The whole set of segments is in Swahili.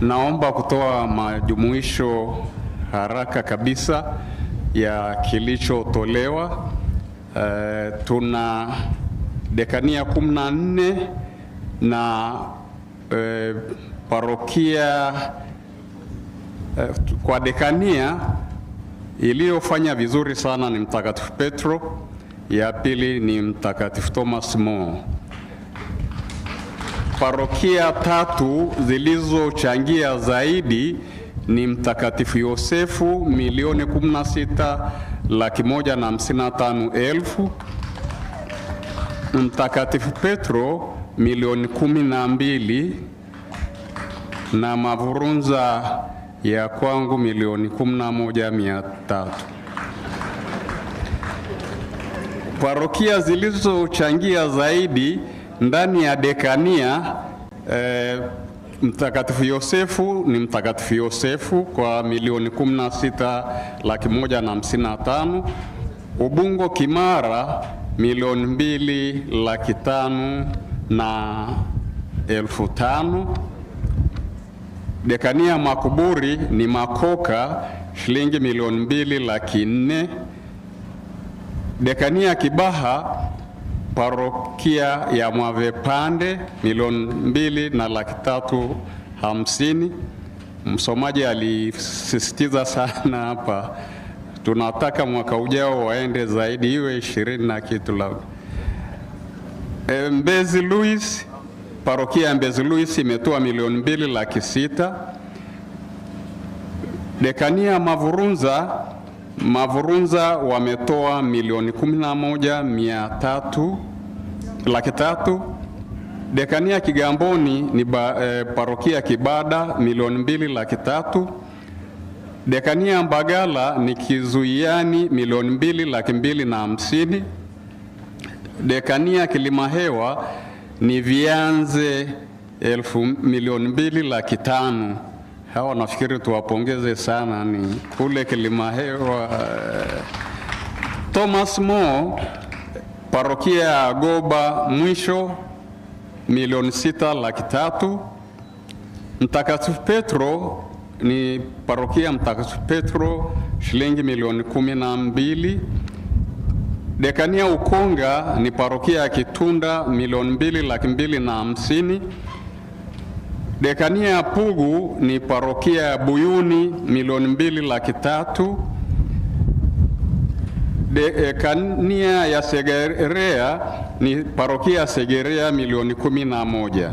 Naomba kutoa majumuisho haraka kabisa ya kilichotolewa. Uh, tuna dekania kumi na nne na uh, parokia uh, kwa dekania iliyofanya vizuri sana ni Mtakatifu Petro, ya pili ni Mtakatifu Thomas More. Parokia tatu zilizochangia zaidi ni Mtakatifu Yosefu milioni 16 laki moja na hamsini na tano elfu, Mtakatifu Petro milioni kumi na mbili na Mavurunza ya kwangu milioni kumi na moja mia tatu. Parokia zilizochangia zaidi ndani ya dekania e, Mtakatifu Yosefu ni Mtakatifu Yosefu kwa milioni kumi na sita laki moja na hamsini na tano. Ubungo Kimara milioni mbili laki tano na elfu tano. Dekania Makuburi ni Makoka shilingi milioni mbili laki nne. Dekania Kibaha parokia ya Mwavepande milioni mbili na laki tatu hamsini. Msomaji alisisitiza sana hapa, tunataka mwaka ujao waende zaidi, iwe ishirini na kitu labda. E, Mbezi Luis, parokia ya Mbezi Luis imetoa milioni mbili laki sita. Dekania Mavurunza Mavurunza wametoa milioni kumi moja mia tatu laki tatu. Dekania Kigamboni ni ba, e, parokia Kibada milioni mbili laki tatu. Dekania Mbagala ni Kizuiani milioni mbili laki mbili na hamsini. Dekania Kilimahewa ni Vianze elfu milioni mbili laki tano hawa nafikiri tuwapongeze sana ni kule Kilimahewa, eh, Thomas Mo, parokia ya Goba mwisho, milioni sita laki tatu. Mtakatifu Petro ni parokia Mtakatifu Petro, shilingi milioni kumi na mbili. Dekania Ukonga ni parokia ya Kitunda, milioni mbili laki mbili na hamsini. Dekania ya Pugu ni parokia ya Buyuni milioni mbili laki tatu. Dekania eh, ya Segerea ni parokia ya Segerea milioni kumi na moja.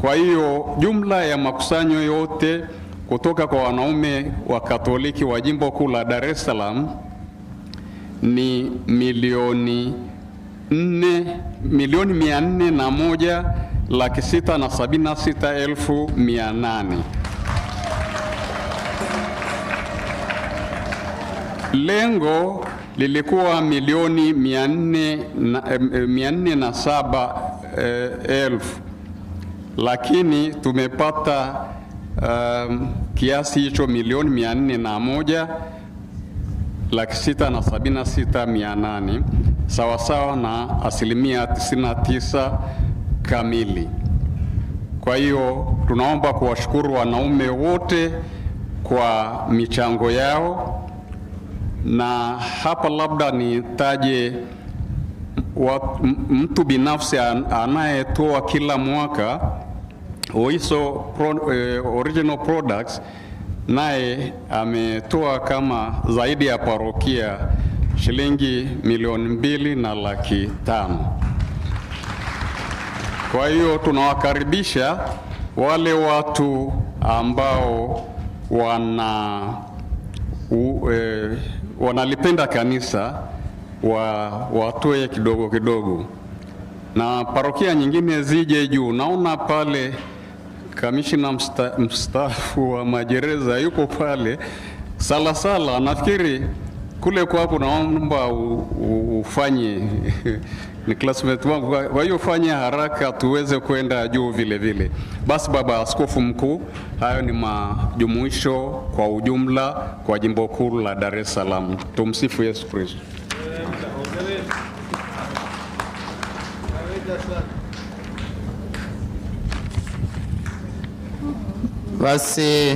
Kwa hiyo jumla ya makusanyo yote kutoka kwa wanaume wa Katoliki wa jimbo kuu la Dar es Salaam ni milioni nne milioni mia nne na moja laki sita na sabini na sita elfu mia nane. Lengo lilikuwa milioni mia nne na, eh, eh, na saba eh, elfu lakini tumepata um, kiasi hicho milioni mia nne na moja laki sita na sabini na sita mia nane sawasawa na asilimia tisini na tisa kamili. Kwa hiyo tunaomba kuwashukuru wanaume wote kwa michango yao, na hapa labda nitaje mtu binafsi anayetoa kila mwaka Oiso pro, eh, original products naye ametoa kama zaidi ya parokia shilingi milioni mbili na laki tano. Kwa hiyo tunawakaribisha wale watu ambao wana u, e, wanalipenda kanisa wa, watoe kidogo kidogo na parokia nyingine zije juu. Naona pale kamishina msta, mstaafu wa magereza yuko pale Salasala, nafikiri kule kwako naomba ufanye ni classmate wangu, kwa hiyo fanya haraka tuweze kwenda juu vile vile. Basi baba askofu mkuu, hayo ni majumuisho kwa ujumla kwa jimbo kuu la Dar es Salaam. Tumsifu Yesu Kristo. Basi